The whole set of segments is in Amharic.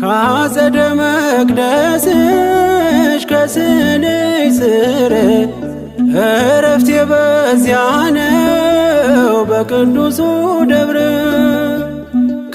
ከአጸደ መቅደስሽ ከስኔ ስር እረፍት በዚያነው ነው በቅዱሱ ደብረ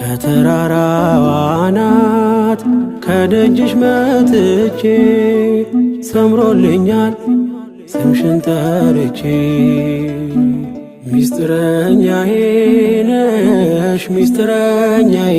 ከተራራዋ ከደጅሽ መጥቼ ሰምሮልኛል ስምሽን ጠርቼ ሚስጥረኛዬ ነሽ ሚስጥረኛዬ